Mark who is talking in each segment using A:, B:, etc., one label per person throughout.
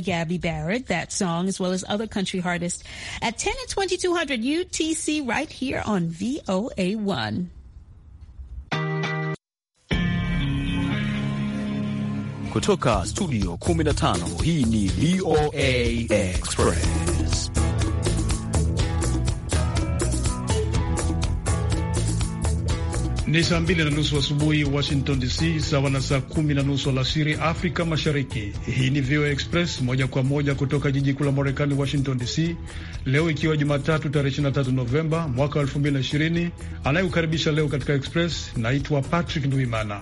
A: Gabby Barrett, that song, as well as other country artists at 10 and 2200 UTC right here on VOA1.
B: Kutoka studio 15 hii ni VOA Express.
C: Ni saa mbili na nusu asubuhi wa Washington DC, sawa na saa kumi na nusu alasiri Afrika Mashariki. Hii ni VOA Express moja kwa moja kutoka jiji kuu la Marekani, Washington DC, leo ikiwa Jumatatu tarehe 23 Novemba mwaka 2020. Anayekukaribisha leo katika Express naitwa Patrick Nduimana.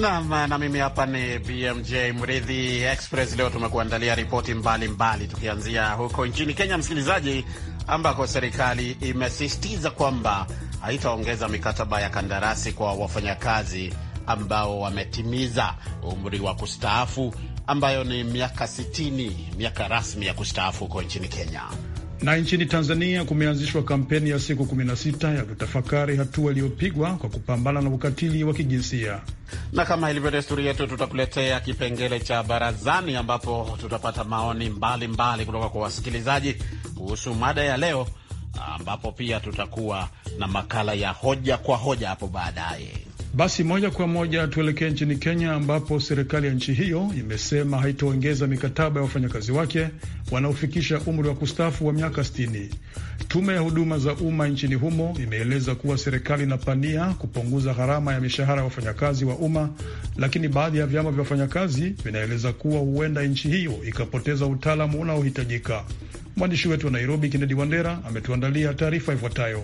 B: nam na mimi hapa ni BMJ Mridhi. Express leo tumekuandalia ripoti mbalimbali, tukianzia huko nchini Kenya, msikilizaji, ambako serikali imesisitiza kwamba haitaongeza mikataba ya kandarasi kwa wafanyakazi ambao wametimiza umri wa kustaafu ambayo ni miaka 60, miaka rasmi ya kustaafu huko nchini Kenya.
C: Na nchini Tanzania kumeanzishwa kampeni ya siku 16 ya kutafakari hatua iliyopigwa kwa kupambana na ukatili wa kijinsia.
B: Na kama ilivyo desturi yetu, tutakuletea kipengele cha barazani, ambapo tutapata maoni mbalimbali mbali kutoka kwa wasikilizaji kuhusu mada ya leo ambapo pia tutakuwa na makala ya hoja kwa hoja hapo baadaye.
C: Basi moja kwa moja tuelekee nchini Kenya ambapo serikali ya nchi hiyo imesema haitaongeza mikataba ya wafanyakazi wake wanaofikisha umri wa kustaafu wa miaka 60. Tume ya huduma za umma nchini humo imeeleza kuwa serikali inapania kupunguza gharama ya mishahara ya wafanyakazi wa umma, lakini baadhi ya vyama vya wafanyakazi vinaeleza kuwa huenda nchi hiyo ikapoteza utaalamu unaohitajika. Mwandishi wetu wa Nairobi, Kennedy Wandera, ametuandalia taarifa ifuatayo.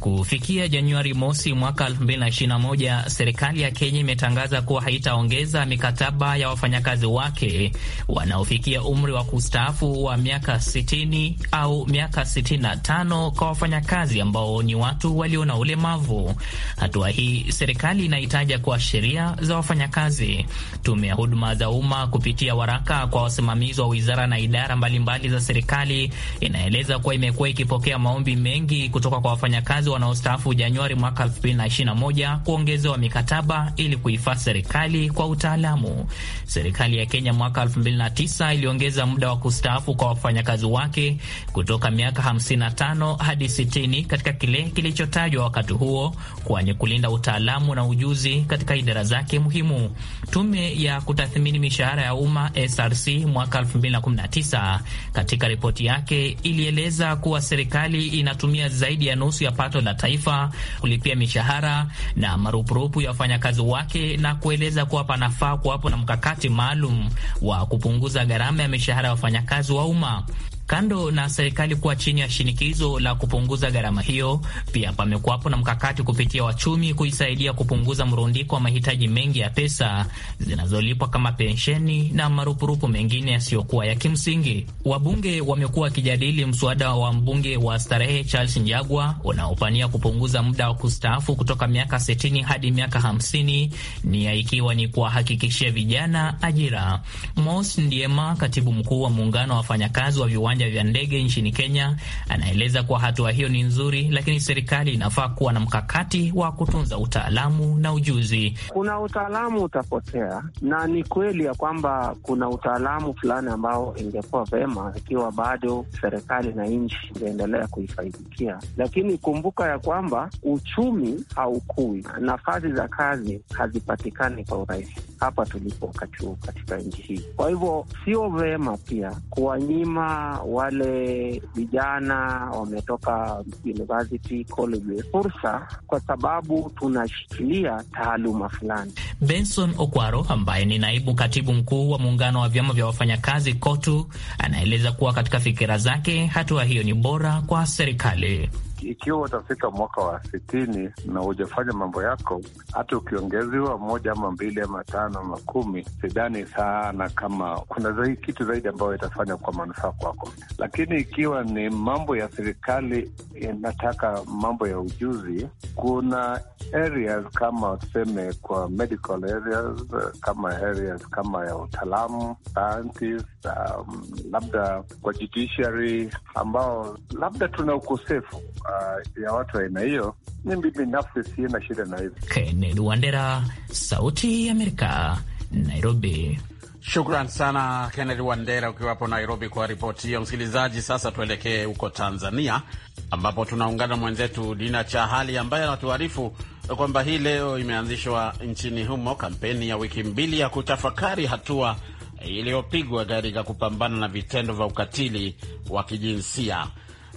D: Kufikia Januari mosi mwaka 2021 serikali ya Kenya imetangaza kuwa haitaongeza mikataba ya wafanyakazi wake wanaofikia umri wa kustaafu wa miaka 60 au miaka 65 kwa wafanyakazi ambao ni watu walio na ulemavu. Hatua hii serikali inahitaja kuwa sheria za wafanyakazi. Tume ya huduma za umma kupitia waraka kwa wasimamizi wa wizara na idara mbalimbali za serikali inaeleza kuwa imekuwa ikipokea maombi mengi kutoka kwa wafanyakazi wanaostaafu Januari mwaka 2021 kuongezewa mikataba ili kuifaa serikali kwa utaalamu. Serikali ya Kenya mwaka 2009 iliongeza muda wa kustaafu kwa wafanyakazi wake kutoka miaka 55 hadi 60 katika kile kilichotajwa wakati huo kwenye kulinda utaalamu na ujuzi katika idara zake muhimu. Tume ya kutathmini mishahara ya umma SRC mwaka 2019 katika ripoti yake ilieleza kuwa serikali inatumia zaidi ya nusu ya pato la taifa kulipia mishahara na marupurupu ya wafanyakazi wake na kueleza kuwa panafaa kuwapo na mkakati maalum wa kupunguza gharama ya mishahara ya wafanyakazi wa 吗？Kando na serikali kuwa chini ya shinikizo la kupunguza gharama hiyo, pia pamekuwapo na mkakati kupitia wachumi kuisaidia kupunguza mrundiko wa mahitaji mengi ya pesa zinazolipwa kama pensheni na marupurupu mengine yasiyokuwa ya kimsingi. Wabunge wamekuwa wakijadili mswada wa mbunge wa starehe Charles Njagwa unaopania kupunguza muda wa kustaafu kutoka miaka 60 hadi miaka 50, nia ikiwa ni kuwahakikishia vijana ajira. Mos Ndiema, katibu mkuu wa muungano wa wafanyakazi wa viwanja viwanja vya ndege nchini Kenya. Anaeleza kuwa hatua hiyo ni nzuri, lakini serikali inafaa kuwa na mkakati wa kutunza utaalamu na ujuzi.
E: Kuna utaalamu utapotea, na ni kweli ya kwamba kuna utaalamu fulani ambao ingekuwa vema ikiwa bado serikali na nchi ingeendelea kuifaidikia, lakini kumbuka ya kwamba uchumi haukui, nafasi za kazi hazipatikani kwa urahisi hapa tulipo wakati huu katika nchi hii. Kwa hivyo sio vema pia kuwanyima wale vijana wametoka university college fursa, kwa sababu tunashikilia taaluma fulani.
D: Benson Okwaro ambaye ni naibu katibu mkuu wa muungano wa vyama vya wafanyakazi KOTU anaeleza kuwa katika fikira zake hatua hiyo ni bora kwa serikali
E: ikiwa utafika mwaka wa sitini na hujafanya mambo yako, hata ukiongeziwa moja ama mbili ama tano ama kumi, sidhani sana kama kuna zaidi, kitu zaidi ambayo itafanya kwa manufaa kwako. Lakini ikiwa ni mambo ya serikali inataka eh, mambo ya ujuzi, kuna areas kama tuseme kwa medical areas, kama areas kama ya utaalamu scientist, um, labda kwa judiciary ambao labda tuna ukosefu Ah, ya watu aina hiyo, ni mimi binafsi siena shida na hivi. Kennedy
B: Wandera, Sauti ya Amerika, Nairobi. Shukran sana Kennedy Wandera ukiwapo Nairobi kwa ripoti hiyo. Msikilizaji, sasa tuelekee huko Tanzania ambapo tunaungana mwenzetu Dina Chahali ambaye anatuarifu kwamba hii leo imeanzishwa nchini humo kampeni ya wiki mbili ya kutafakari hatua iliyopigwa katika kupambana na vitendo vya ukatili wa kijinsia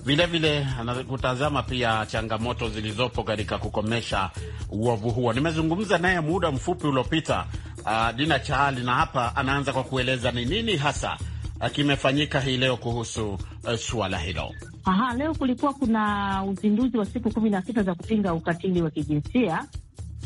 B: vilevile anakutazama pia changamoto zilizopo katika kukomesha uovu huo. Nimezungumza naye muda mfupi uliopita, uh, Dina chaali na hapa anaanza kwa kueleza ni nini hasa uh, kimefanyika hii leo kuhusu uh, suala hilo.
F: Aha, leo kulikuwa kuna uzinduzi wa siku kumi na sita za kupinga ukatili wa kijinsia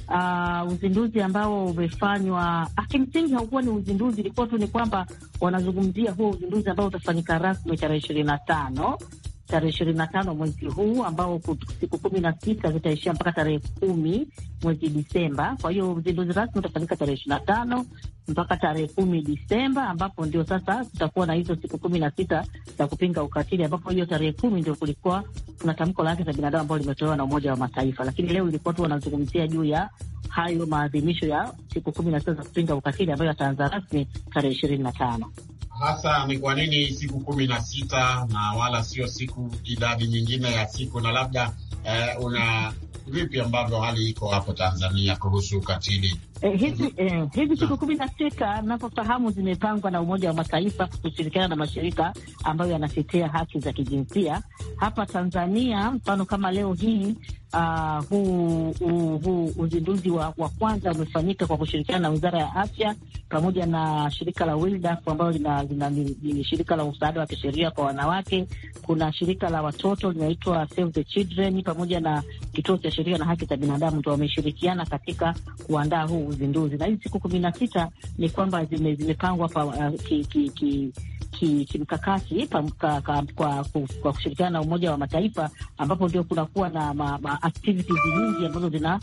F: uh, uzinduzi ambao umefanywa ah, kimsingi haukuwa ni uzinduzi, ilikuwa tu ni kwamba wanazungumzia huo uzinduzi ambao utafanyika rasmi tarehe ishirini na tano tarehe ishirini na tano mwezi huu ambao siku kumi na sita zitaishia mpaka tarehe kumi mwezi Disemba. Kwa hiyo uzinduzi rasmi utafanyika tarehe ishirini na tano mpaka tarehe kumi Disemba, ambapo ndio sasa tutakuwa na hizo siku kumi na sita za kupinga ukatili, ambapo hiyo tarehe kumi ndio kulikuwa kuna tamko la haki za binadamu ambalo limetolewa na Umoja wa Mataifa, lakini leo ilikuwa tu wanazungumzia juu ya hayo maadhimisho ya siku kumi na sita za kupinga ukatili ambayo yataanza rasmi tarehe ishirini na tano.
B: Hasa ni kwa nini siku kumi na sita na wala sio siku idadi nyingine ya siku? Na labda eh, una vipi ambavyo hali iko hapo Tanzania kuhusu ukatili Eh,
F: hizi eh, hizi siku kumi na sita napofahamu zimepangwa na Umoja wa Mataifa kushirikiana na mashirika ambayo yanatetea haki za kijinsia hapa Tanzania. Mfano kama leo hii uh, ah, huu hu, hu, uzinduzi wa, wa kwanza umefanyika kwa kushirikiana na Wizara ya Afya pamoja na shirika la WiLDAF ambayo ni shirika la usaada wa kisheria kwa wanawake. Kuna shirika la watoto linaitwa Save the Children pamoja na kituo cha sheria na haki za binadamu, ndo wameshirikiana katika kuandaa huu uzinduzi, na hizi siku kumi na sita ni kwamba zimepangwa zime uh, ki, ki, ki, kimkakati ki kwa, kwa kushirikiana na Umoja wa Mataifa ambapo ndio kunakuwa na ma, ma activities nyingi ambazo zina,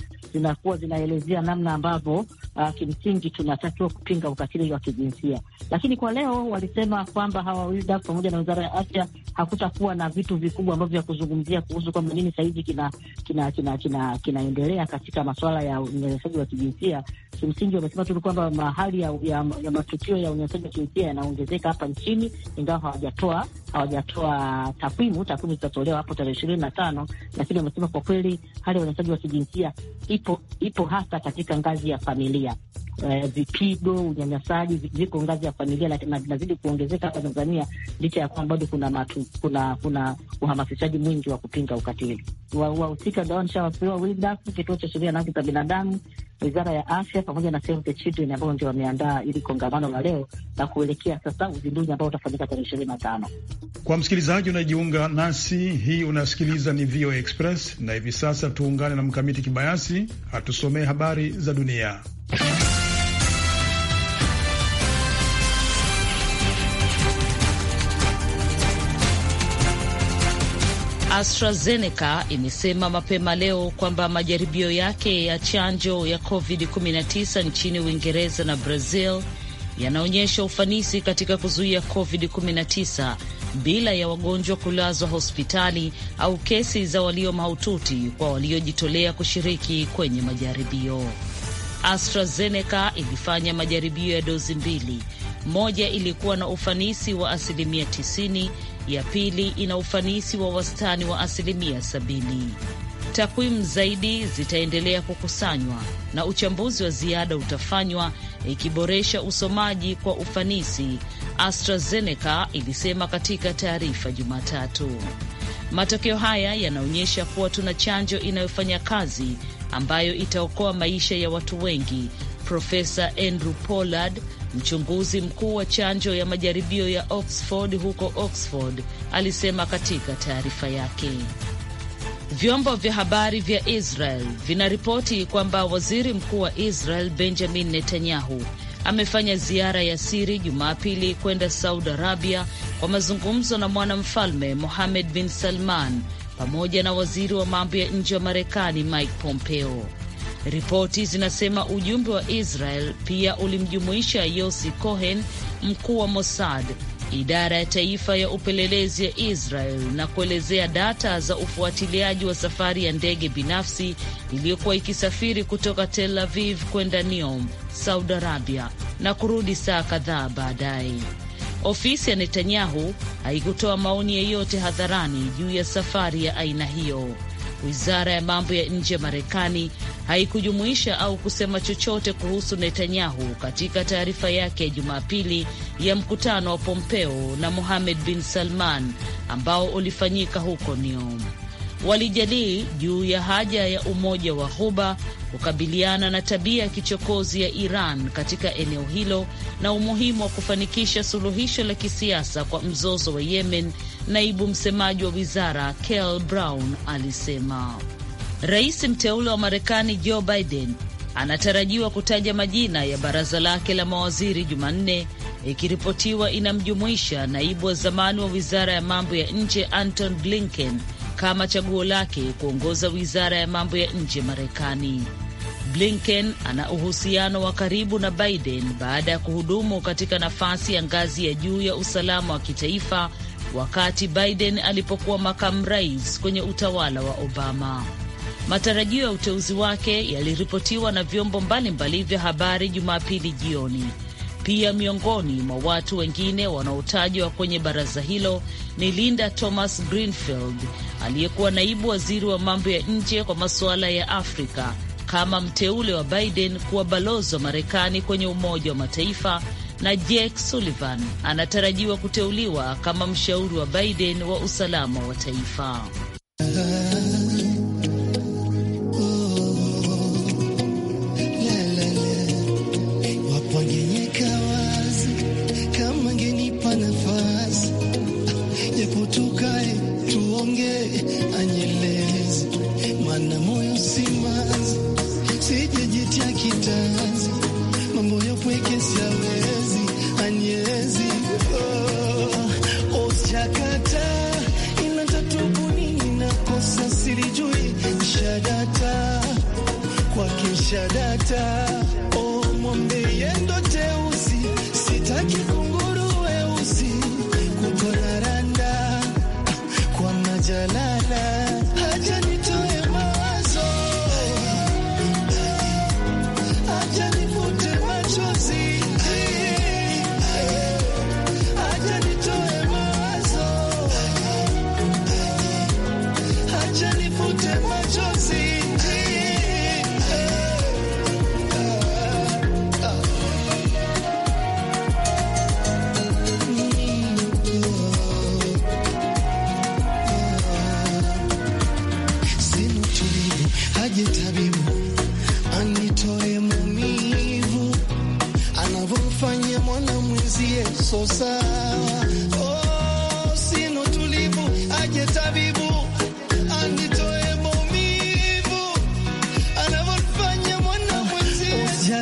F: zinaelezea namna ambavyo uh, kimsingi tunatakiwa kupinga ukatili wa kijinsia. Lakini kwa leo walisema kwamba hawa pamoja na Wizara ya Afya hakutakuwa na vitu vikubwa ambavyo vya kuzungumzia kuhusu kwamba nini sahizi kinaendelea kina, kina, kina, kina katika masuala ya unyanyasaji wa kijinsia. Kimsingi wamesema tu kwamba mahali ya, ya, ya matukio ya unyanyasaji wa kijinsia yanaongezeka hapa nchini mbili, ingawa hawajatoa hawajatoa takwimu. Takwimu zitatolewa hapo tarehe ishirini na tano, lakini wamesema kwa kweli hali ya unyanyasaji wa kijinsia ipo ipo hasa katika ngazi ya familia uh, vipigo, unyanyasaji ziko ngazi ya familia lakini vinazidi kuongezeka hapa Tanzania, licha ya kwamba bado kuna matu, kuna kuna uhamasishaji mwingi wa kupinga ukatili. Wahusika ndio nishawapewa WiLAC, Kituo cha Sheria na Haki za Binadamu, Wizara ya Afya pamoja na Save the Children ambao ndio wameandaa ili kongamano la leo na kuelekea sasa uzinduzi ambao utafanyika tarehe ishirini na tano.
C: Kwa msikilizaji unajiunga nasi, hii unasikiliza ni VOA Express, na hivi sasa tuungane na Mkamiti Kibayasi atusomee habari za dunia.
A: AstraZeneca imesema mapema leo kwamba majaribio yake ya chanjo ya COVID-19 nchini Uingereza na Brazil yanaonyesha ufanisi katika kuzuia COVID-19 bila ya wagonjwa kulazwa hospitali au kesi za walio mahututi kwa waliojitolea kushiriki kwenye majaribio. AstraZeneca ilifanya majaribio ya dozi mbili, moja ilikuwa na ufanisi wa asilimia 90 ya pili ina ufanisi wa wastani wa asilimia sabini. Takwimu zaidi zitaendelea kukusanywa na uchambuzi wa ziada utafanywa ikiboresha usomaji kwa ufanisi, AstraZeneca ilisema katika taarifa Jumatatu. Matokeo haya yanaonyesha kuwa tuna chanjo inayofanya kazi ambayo itaokoa maisha ya watu wengi, Profesa Andrew Pollard Mchunguzi mkuu wa chanjo ya majaribio ya Oxford huko Oxford alisema katika taarifa yake. Vyombo vya habari vya Israel vinaripoti kwamba waziri mkuu wa Israel Benjamin Netanyahu amefanya ziara ya siri Jumapili kwenda Saudi Arabia kwa mazungumzo na mwanamfalme Mohammed bin Salman pamoja na waziri wa mambo ya nje wa Marekani Mike Pompeo. Ripoti zinasema ujumbe wa Israel pia ulimjumuisha Yossi Cohen, mkuu wa Mossad, idara ya taifa ya upelelezi ya Israel, na kuelezea data za ufuatiliaji wa safari ya ndege binafsi iliyokuwa ikisafiri kutoka Tel Aviv kwenda Neom, Saudi Arabia, na kurudi saa kadhaa baadaye. Ofisi ya Netanyahu haikutoa maoni yeyote hadharani juu ya safari ya aina hiyo. Wizara ya mambo ya nje ya Marekani haikujumuisha au kusema chochote kuhusu Netanyahu katika taarifa yake ya Jumapili ya mkutano wa Pompeo na Mohamed bin Salman ambao ulifanyika huko Neom. Walijadili juu ya haja ya umoja wa Ghuba kukabiliana na tabia ya kichokozi ya Iran katika eneo hilo na umuhimu wa kufanikisha suluhisho la kisiasa kwa mzozo wa Yemen Naibu msemaji wa wizara Kel Brown alisema rais mteule wa Marekani Joe Biden anatarajiwa kutaja majina ya baraza lake la mawaziri Jumanne, ikiripotiwa inamjumuisha naibu wa zamani wa wizara ya mambo ya nje Anton Blinken kama chaguo lake kuongoza wizara ya mambo ya nje Marekani. Blinken ana uhusiano wa karibu na Biden baada ya kuhudumu katika nafasi ya ngazi ya juu ya usalama wa kitaifa wakati Biden alipokuwa makamu rais kwenye utawala wa Obama. Matarajio ya uteuzi wake yaliripotiwa na vyombo mbalimbali vya habari Jumapili jioni. Pia miongoni mwa watu wengine wanaotajwa kwenye baraza hilo ni Linda Thomas Greenfield, aliyekuwa naibu waziri wa mambo ya nje kwa masuala ya Afrika, kama mteule wa Biden kuwa balozi wa Marekani kwenye Umoja wa Mataifa na Jake Sullivan anatarajiwa kuteuliwa kama mshauri wa Biden wa usalama wa taifa.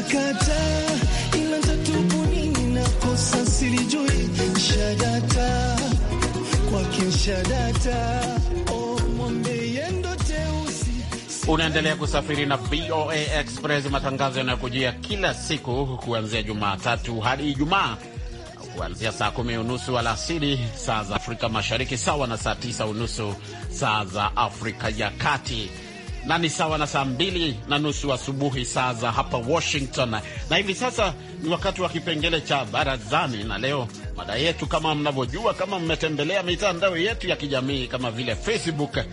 G: Oh,
B: Unaendelea kusafiri na VOA Express, matangazo yanayokujia kila siku kuanzia Jumatatu hadi Ijumaa, kuanzia saa kumi unusu alasiri saa za Afrika Mashariki, sawa na saa tisa unusu saa za Afrika ya Kati na ni sawa na saa mbili na nusu asubuhi saa za hapa Washington. Na hivi sasa ni wakati wa kipengele cha barazani, na leo mada yetu kama mnavyojua, kama mmetembelea mitandao yetu ya kijamii kama vile Facebook, eh,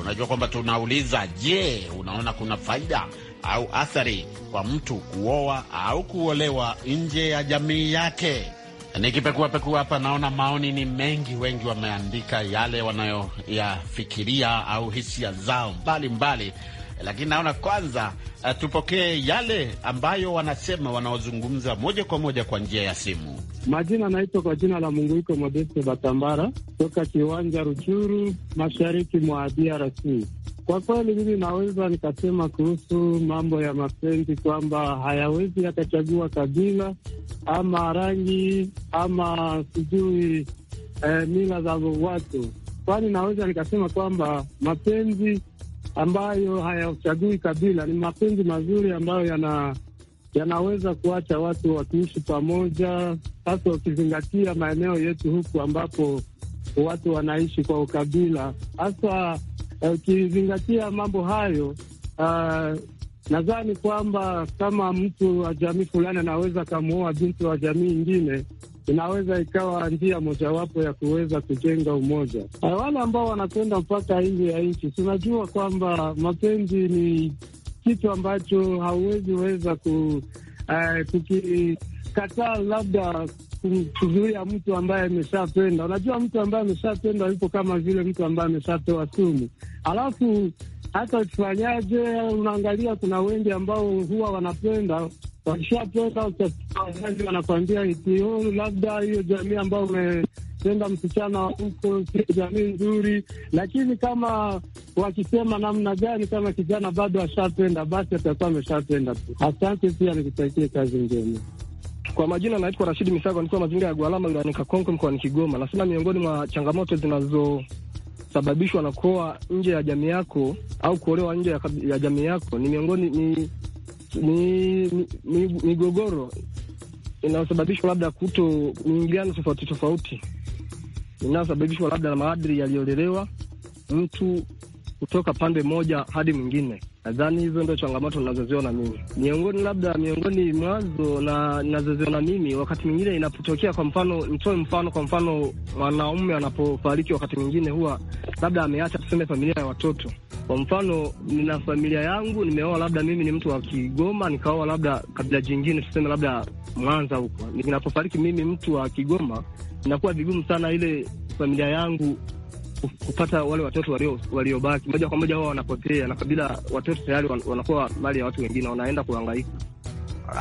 B: unajua kwamba tunauliza, je, unaona kuna faida au athari kwa mtu kuoa au kuolewa nje ya jamii yake? Nikipekuapekua hapa naona maoni ni mengi, wengi wameandika yale wanayoyafikiria au hisia zao mbalimbali mbali. Lakini naona kwanza uh, tupokee yale ambayo wanasema wanaozungumza moja kwa moja kwa njia ya simu.
E: Majina anaitwa kwa jina la Munguiko Modeste Batambara toka kiwanja Ruchuru, mashariki mwa DRC. Kwa kweli mimi naweza nikasema kuhusu mambo ya mapenzi kwamba hayawezi yakachagua kabila ama rangi ama sijui eh, mila za watu, kwani naweza nikasema kwamba mapenzi ambayo hayachagui kabila ni mapenzi mazuri ambayo yana yanaweza kuacha watu wakiishi pamoja, hasa ukizingatia maeneo yetu huku ambapo watu wanaishi kwa ukabila hasa Ukizingatia uh, mambo hayo uh, nadhani kwamba kama mtu wa jamii fulani anaweza akamwoa binti wa jamii ingine inaweza ikawa njia mojawapo ya kuweza kujenga umoja. Uh, wale ambao wanakwenda mpaka nje ya nchi, tunajua kwamba mapenzi ni kitu ambacho hauwezi weza ku, uh, kukikataa labda kumzuia mtu ambaye ameshapenda. Unajua, mtu ambaye ameshapenda yupo kama vile mtu ambaye ameshapewa sumu, alafu hata ukifanyaje, unaangalia kuna wengi ambao huwa wanapenda wakishapenda wazazi wanakwambia iti oh, labda hiyo jamii ambayo umependa msichana huko sio jamii nzuri, lakini kama wakisema namna gani, kama kijana bado ashapenda, basi atakuwa ameshapenda tu. Asante, pia nikutakie kazi njema.
H: Kwa majina naitwa Rashidi Misago, nikuwa mazingira ya Gwalama wilayani Kakonko mkoani Kigoma. Nasema miongoni mwa changamoto zinazosababishwa na kuoa nje ya jamii yako au kuolewa nje ya, ya jamii yako ni miongoni ni migogoro inayosababishwa labda kuto miingiliano tofauti tofauti inayosababishwa labda na maadili yaliyolelewa mtu kutoka pande moja hadi mwingine. Nadhani hizo ndo changamoto ninazoziona mimi, miongoni labda miongoni mwazo na ninazoziona mimi. Wakati mwingine inapotokea, kwa mfano, nitoe mfano, kwa mfano, mwanaume anapofariki, wakati mwingine huwa labda ameacha, tuseme, familia ya watoto. Kwa mfano, nina familia yangu, nimeoa, labda mimi ni mtu wa Kigoma, nikaoa labda kabila jingine, tuseme labda Mwanza huko. Ninapofariki mimi mtu wa Kigoma, inakuwa vigumu sana ile familia yangu kupata wale watoto waliobaki moja kwa moja wao wanapotea, na kabila watoto tayari wanakuwa mali ya watu wengine, wanaenda kuhangaika.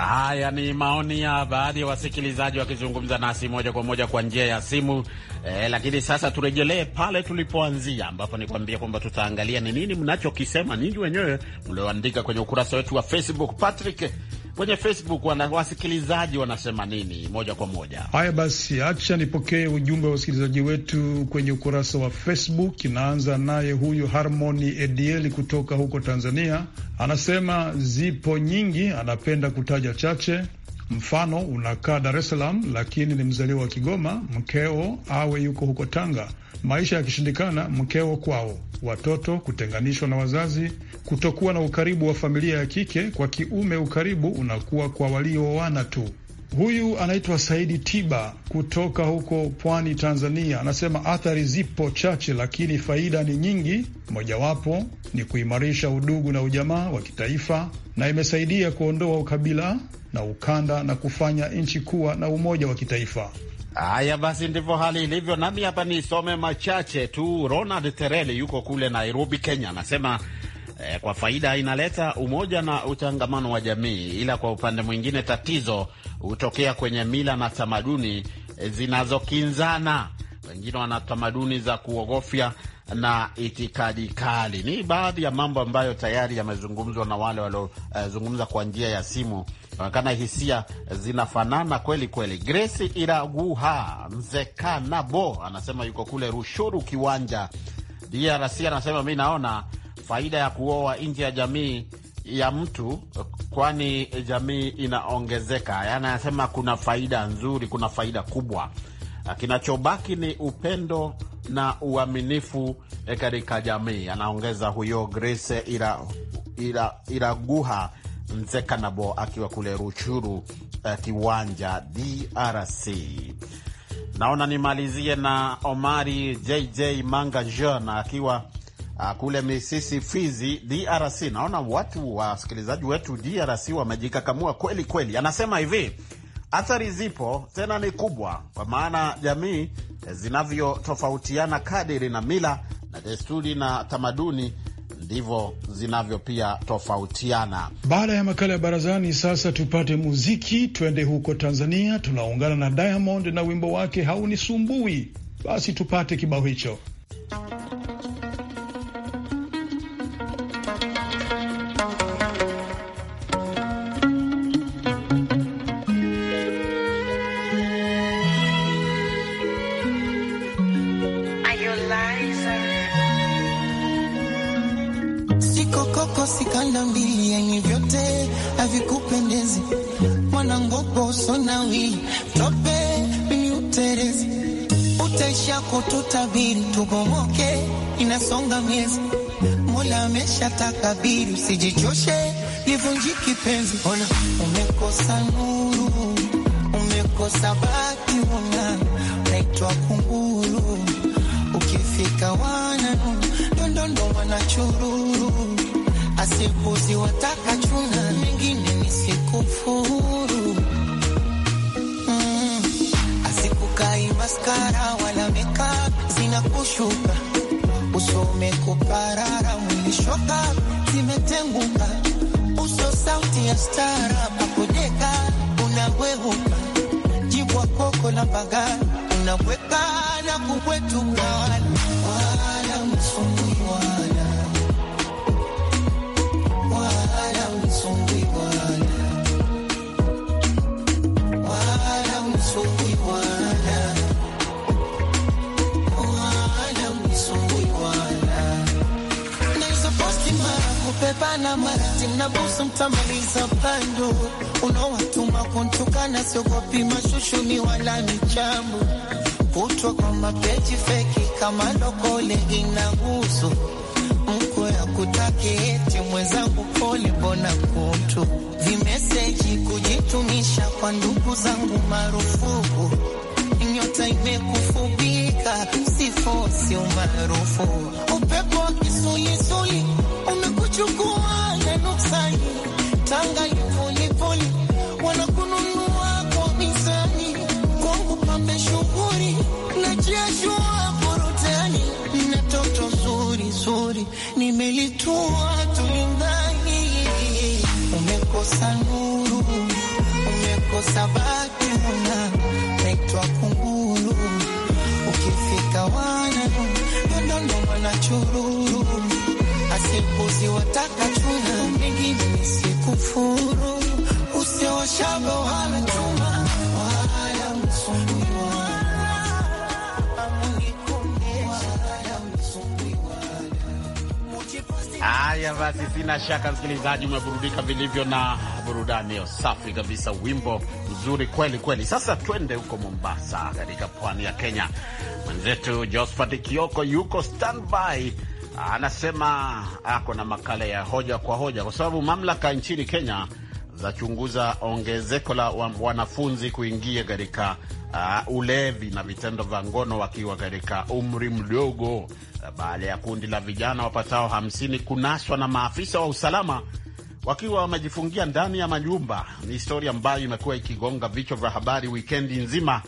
B: Haya ni maoni ya baadhi ya wasikilizaji wakizungumza nasi moja kwa moja kwa njia ya simu. Eh, lakini sasa turejelee pale tulipoanzia, ambapo nikwambia kwamba tutaangalia ni nini mnachokisema ninyi wenyewe mlioandika kwenye ukurasa wetu wa Facebook. Patrick kwenye Facebook wana, wasikilizaji wanasema nini moja kwa moja?
C: Haya basi, acha nipokee ujumbe wa wasikilizaji wetu kwenye ukurasa wa Facebook. Inaanza naye huyu harmoni Edieli kutoka huko Tanzania, anasema zipo nyingi, anapenda kutaja chache. Mfano, unakaa Dar es Salaam lakini ni mzaliwa wa Kigoma, mkeo awe yuko huko Tanga. Maisha yakishindikana, mkeo kwao, watoto kutenganishwa na wazazi, kutokuwa na ukaribu wa familia ya kike kwa kiume. Ukaribu unakuwa kwa waliowana tu. Huyu anaitwa Saidi Tiba kutoka huko Pwani, Tanzania. Anasema athari zipo chache, lakini faida ni nyingi. Mojawapo ni kuimarisha udugu na ujamaa wa kitaifa, na imesaidia kuondoa ukabila, na ukanda na kufanya nchi kuwa na umoja wa kitaifa.
B: Haya basi, ndivyo hali ilivyo. Nami hapa nisome machache tu. Ronald Tereli yuko kule Nairobi, Kenya, anasema eh, kwa faida inaleta umoja na utangamano wa jamii, ila kwa upande mwingine tatizo hutokea kwenye mila na tamaduni eh, zinazokinzana. Wengine wana tamaduni za kuogofya na itikadi kali. Ni baadhi ya mambo ambayo tayari yamezungumzwa na wale waliozungumza kwa njia ya simu. Inaonekana ah, hisia zinafanana kweli kweli. Grace Iraguha Nzekanabo anasema yuko kule Rushuru Kiwanja, DRC. Anasema mi naona faida ya kuoa nje ya jamii ya mtu, kwani jamii inaongezeka. Yani anasema kuna faida nzuri, kuna faida kubwa, ah, kinachobaki ni upendo na uaminifu eh, katika jamii. Anaongeza huyo Grace ila, ira, Iraguha Nzekanabo akiwa kule Ruchuru eh, kiwanja DRC. Naona nimalizie na Omari JJ Manga Jean akiwa ah, kule Misisi Fizi DRC. Naona watu wasikilizaji wetu DRC wamejikakamua kweli kweli. Anasema hivi Athari zipo tena ni kubwa, kwa maana jamii eh, zinavyotofautiana kadiri na mila na desturi na tamaduni ndivyo zinavyo pia tofautiana.
C: Baada ya makala ya barazani, sasa tupate muziki, twende huko Tanzania. Tunaungana na Diamond na wimbo wake haunisumbui. Basi tupate kibao hicho.
I: vikupendezi mwanangopo usonawi tope mimi utaisha kututabiri tutabiri, tugomoke inasonga miezi, Mola ameshatakabiri, usijichoshe livunjiki penzi. Ona umekosa nuru, umekosa baki, ona naitwa kunguru, ukifika wana dondondondo wanachururu asikuzi wataka chunga mengine siku mm. Asikukai maskara wala meka zinakushuka usome kuparara mwilishoka zimetenguka uso sauti ya stara pakojeka unawehuka jibwa koko la bagara unaweka na wala tamaliza bando unawatuma kuntukana, siogopi mashushu ni wala michambo, kutwa kwa mapeji feki kama lokole inagusu mko ya kutake eti mwenzangu, pole bona kutu vimeseji kujitumisha kwa ndugu zangu marufuku, nyota imekufubika, sifo sio maarufu, upepo wa kisulisuli umekuchukua Tanga yupo Ipoli, wanakununua kwa mizani, kwangu pambe shughuli na jashua porotani, na toto zuri zuri nimelitua tulindani, umekosa nuru, umekosa batuna naitwa kunguru, ukifika wana ndondo wanachuru wataka wala chuma msumbiwa
B: Haya basi, sina shaka msikilizaji, umeburudika vilivyo na burudani hiyo safi kabisa, wimbo mzuri kweli kweli. Sasa twende huko Mombasa, katika pwani ya Kenya. Mwenzetu Josphat Kioko yuko standby anasema ako na makala ya hoja kwa hoja, kwa sababu mamlaka nchini Kenya zachunguza ongezeko la wanafunzi kuingia katika uh, ulevi na vitendo vya ngono wakiwa katika umri mdogo uh, baada ya kundi la vijana wapatao hamsini kunaswa na maafisa wa usalama wakiwa wamejifungia ndani ya majumba. Ni historia ambayo imekuwa ikigonga vichwa vya habari wikendi nzima,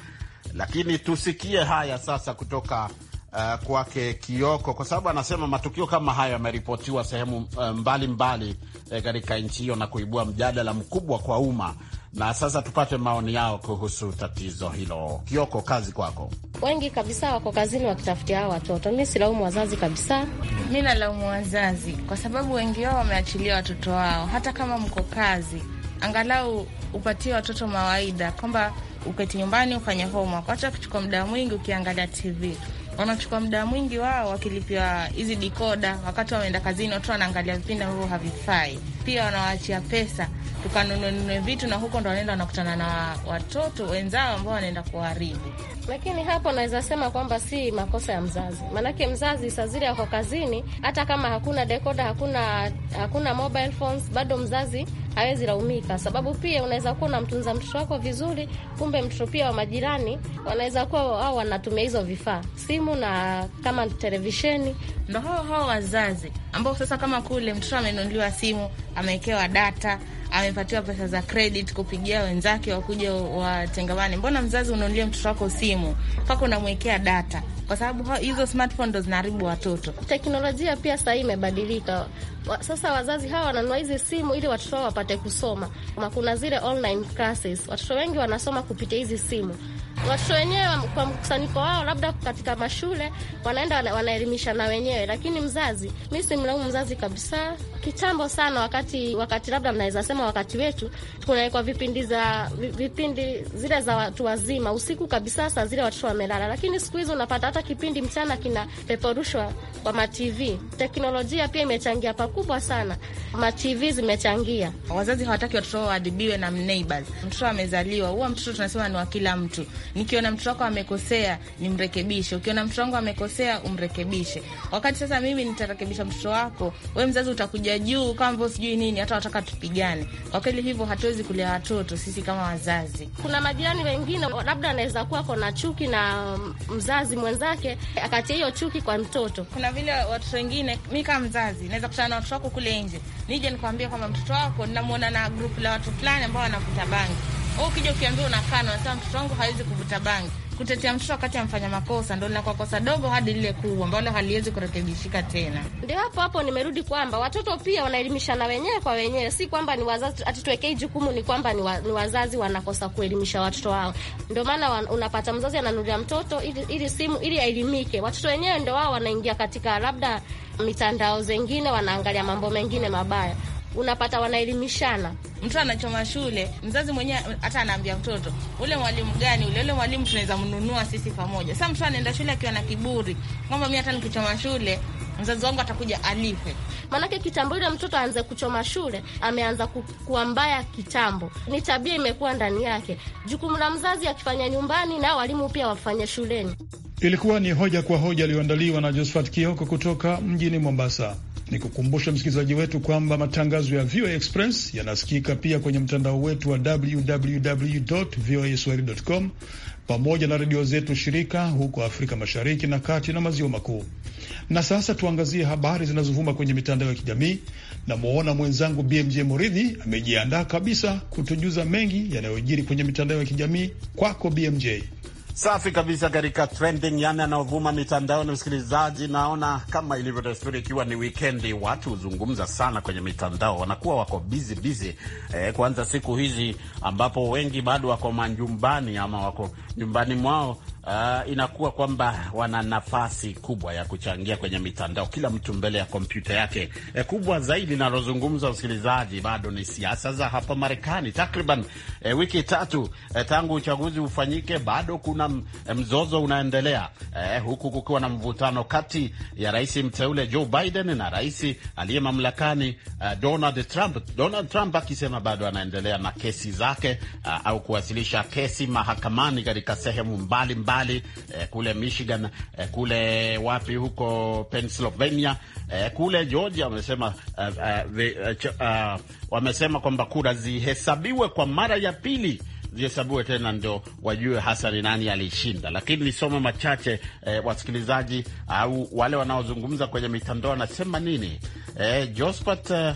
B: lakini tusikie haya sasa kutoka uh, kwake Kioko, kwa sababu anasema matukio kama hayo yameripotiwa sehemu eh, mbalimbali eh, katika mbali, e, nchi hiyo na kuibua mjadala mkubwa kwa umma na sasa tupate maoni yao kuhusu tatizo hilo. Kioko, kazi kwako.
J: Wengi kabisa wako kazini wakitafutia hao watoto. Mi silaumu wazazi kabisa,
K: mi nalaumu wazazi kwa sababu wengi wao wameachilia watoto wao. Hata kama mko kazi, angalau upatie watoto mawaida kwamba uketi nyumbani ufanye homework, wacha kuchukua muda mwingi ukiangalia TV wanachukua muda mwingi wao wakilipia hizi dikoda, wakati wameenda kazini watu wanaangalia vipindi ambavyo havifai pia wanawaachia pesa tukanunue vitu, na huko ndo wanaenda wanakutana na watoto wenzao ambao wanaenda kuharibu.
J: Lakini hapo naweza sema kwamba si makosa ya mzazi, maanake mzazi saa zile ako kazini, hata kama hakuna dekoda, hakuna hakuna mobile phones, bado mzazi hawezi laumika, sababu pia unaweza kuwa unamtunza mtoto wako vizuri, kumbe mtoto pia wa majirani wanaweza kuwa au wanatumia hizo vifaa, simu na kama televisheni
K: ndo hao hao wazazi ambao sasa, kama kule mtoto amenunuliwa simu, amewekewa data, amepatiwa pesa za credit kupigia wenzake wakuja watengamane. Mbona mzazi ununulie mtoto wako simu mpaka unamwekea data?
J: Kwa sababu hizo smartphone ndo zinaharibu watoto. Teknolojia pia sahii imebadilika. Sasa wazazi hawa wananua hizi simu ili watoto wao wapate kusoma. Kuna zile online classes, watoto wengi wanasoma kupitia hizi simu washo wenyewe kwa mkusanyiko wao, labda katika mashule wanaenda wanaelimisha na wenyewe, lakini mzazi, mi simlaumu mzazi kabisa. Kitambo sana, wakati wakati labda mnaweza sema wakati wetu kunawekwa vipindi za vipindi zile za watu wazima usiku kabisa, saa zile watoto wamelala, lakini siku hizi unapata hata kipindi mchana kinapeperushwa kwa matv. Teknolojia pia imechangia pakubwa sana, matv zimechangia.
K: Wazazi hawataki watoto waadhibiwe na neighbors. Mtoto amezaliwa, huwa mtoto tunasema ni wa kila mtu nikiona mtoto wako amekosea nimrekebishe, ukiona mtoto wangu amekosea umrekebishe. Wakati sasa mimi nitarekebisha mtoto wako, we mzazi utakuja juu kama sijui nini, hata wataka tupigane. Kwa kweli hivyo hatuwezi kulea watoto sisi kama wazazi.
J: Kuna majirani wengine labda anaweza kuwa kona na chuki na mm, mzazi mwenzake, akatia hiyo chuki kwa mtoto. Kuna vile watoto wengine, mi kama mzazi naweza kutana na watoto wako
K: kule nje, nije nikwambia kwamba mtoto wako namwona na grupu la watu fulani ambao wanavuta bangi wewe ukija ukiambiwa unakana, na unasema mtoto wangu hawezi kuvuta bangi, kutetea mtoto wakati amfanya makosa ndo linakuwa kosa dogo hadi lile kubwa ambalo haliwezi kurekebishika tena.
J: Ndio hapo hapo nimerudi kwamba watoto pia wanaelimishana wenyewe kwa wenyewe, si kwamba ni wazazi atituwekee jukumu, ni kwamba ni, wa, ni wazazi wanakosa kuelimisha watoto wao. Ndio maana unapata mzazi ananulia mtoto ili, ili simu ili aelimike. Watoto wenyewe ndio wao wanaingia katika labda mitandao zengine, wanaangalia mambo mengine mabaya unapata wanaelimishana.
K: Mtu anachoma shule, mzazi mwenyewe hata anaambia mtoto ule mwalimu gani ule, ule mwalimu tunaweza mnunua sisi pamoja. Sasa mtu anaenda shule akiwa na kiburi kwamba mi hata nikichoma shule mzazi wangu atakuja alipe. Maanake kitambo
J: ile mtoto aanze kuchoma shule, ameanza kuwa mbaya kitambo, ni tabia imekuwa ndani yake. Jukumu la mzazi akifanya nyumbani, na walimu pia wafanye shuleni.
C: Ilikuwa ni hoja kwa hoja iliyoandaliwa na Josephat Kioko kutoka mjini Mombasa. Ni kukumbusha msikilizaji wetu kwamba matangazo ya VOA Express yanasikika pia kwenye mtandao wetu wa www voa swahili com pamoja na redio zetu shirika huko Afrika Mashariki na kati na maziwa makuu. Na sasa tuangazie habari zinazovuma kwenye mitandao ya kijamii. Namwona mwenzangu BMJ Muridhi amejiandaa kabisa kutujuza mengi yanayojiri kwenye mitandao ya kijamii. Kwako BMJ.
B: Safi kabisa. Katika trending, yani anaovuma mitandaoni, msikilizaji, naona kama ilivyo desturi, ikiwa ni wikendi, watu huzungumza sana kwenye mitandao, wanakuwa wako bizi bizi eh, kwanza siku hizi ambapo wengi bado wako majumbani ama wako nyumbani mwao uh, inakuwa kwamba wana nafasi kubwa ya kuchangia kwenye mitandao, kila mtu mbele ya kompyuta yake. E, kubwa zaidi nalozungumza usikilizaji bado ni siasa za hapa Marekani. Takriban e, wiki tatu e, tangu uchaguzi ufanyike, bado kuna e, mzozo unaendelea, e, huku kukiwa na mvutano kati ya rais mteule Joe Biden na rais aliye mamlakani uh, Donald Trump. Donald Trump akisema bado anaendelea na kesi zake uh, au kuwasilisha kesi mahakamani katika sehemu mbalimbali mbali mbalimbali eh, kule Michigan eh, kule wapi huko Pennsylvania eh, kule Georgia wamesema uh, uh, uh, uh, wamesema kwamba kura zihesabiwe kwa mara ya pili zihesabue tena ndio wajue hasa ni nani alishinda. Lakini nisome machache eh, wasikilizaji au wale wanaozungumza kwenye mitandao wanasema nini. Eh, Josphat eh,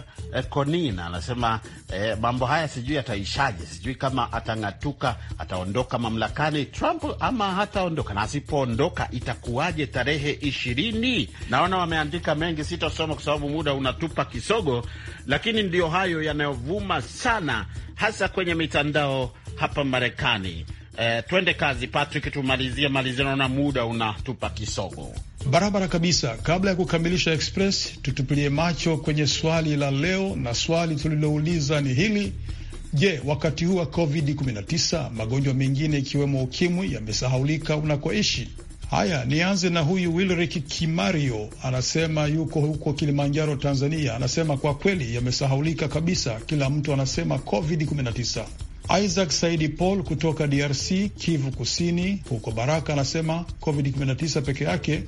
B: Konina anasema eh, mambo haya sijui ataishaje, sijui kama atang'atuka, ataondoka mamlakani Trump ama hataondoka, na asipoondoka itakuwaje tarehe ishirini? Naona wameandika mengi, sitasoma kwa sababu muda unatupa kisogo lakini ndiyo hayo yanayovuma sana, hasa kwenye mitandao hapa Marekani. Eh, twende kazi Patrick, tumalizie malizie, naona muda unatupa kisogo
C: barabara kabisa. Kabla ya kukamilisha Express, tutupilie macho kwenye swali la leo, na swali tulilouliza ni hili: Je, wakati huu wa COVID-19 magonjwa mengine ikiwemo ukimwi yamesahaulika unakoishi? Haya, nianze na huyu Wilrik Kimario, anasema yuko huko Kilimanjaro, Tanzania. Anasema kwa kweli yamesahaulika kabisa, kila mtu anasema COVID-19. Isaac Saidi Paul kutoka DRC, Kivu Kusini, huko Baraka, anasema COVID-19 peke yake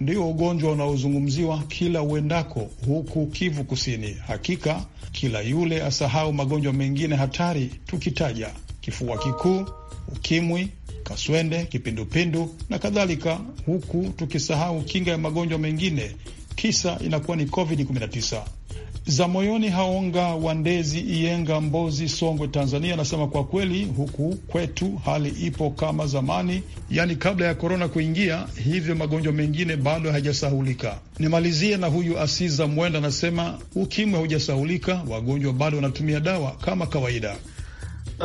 C: ndio ugonjwa unaozungumziwa kila uendako huku Kivu Kusini. Hakika kila yule asahau magonjwa mengine hatari, tukitaja kifua kikuu ukimwi, kaswende, kipindupindu na kadhalika, huku tukisahau kinga ya magonjwa mengine, kisa inakuwa ni COVID-19. Za moyoni Haonga Wandezi ienga Mbozi, Songwe, Tanzania, anasema kwa kweli huku kwetu hali ipo kama zamani, yaani kabla ya korona kuingia, hivyo magonjwa mengine bado hayajasahulika. Nimalizie na huyu Asiza Mwenda anasema ukimwi haujasahulika, wagonjwa bado wanatumia dawa kama kawaida.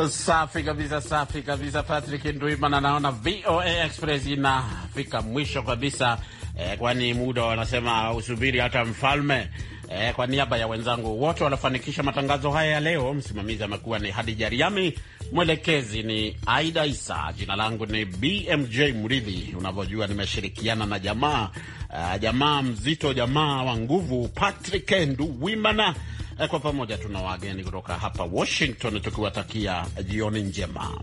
B: Safi kabisa, safi kabisa. Patrick Ndwimana, naona VOA Express inafika mwisho kabisa eh, kwani muda wanasema usubiri hata mfalme eh. Kwa niaba ya wenzangu wote wanafanikisha matangazo haya ya leo, msimamizi amekuwa ni Hadija Riami, mwelekezi ni Aida Isa, jina langu ni BMJ Mridhi. Unavyojua nimeshirikiana na jamaa uh, jamaa mzito, jamaa wa nguvu, Patrick Ndwimana. Eh, kwa pamoja tuna wageni kutoka hapa Washington tukiwatakia jioni njema.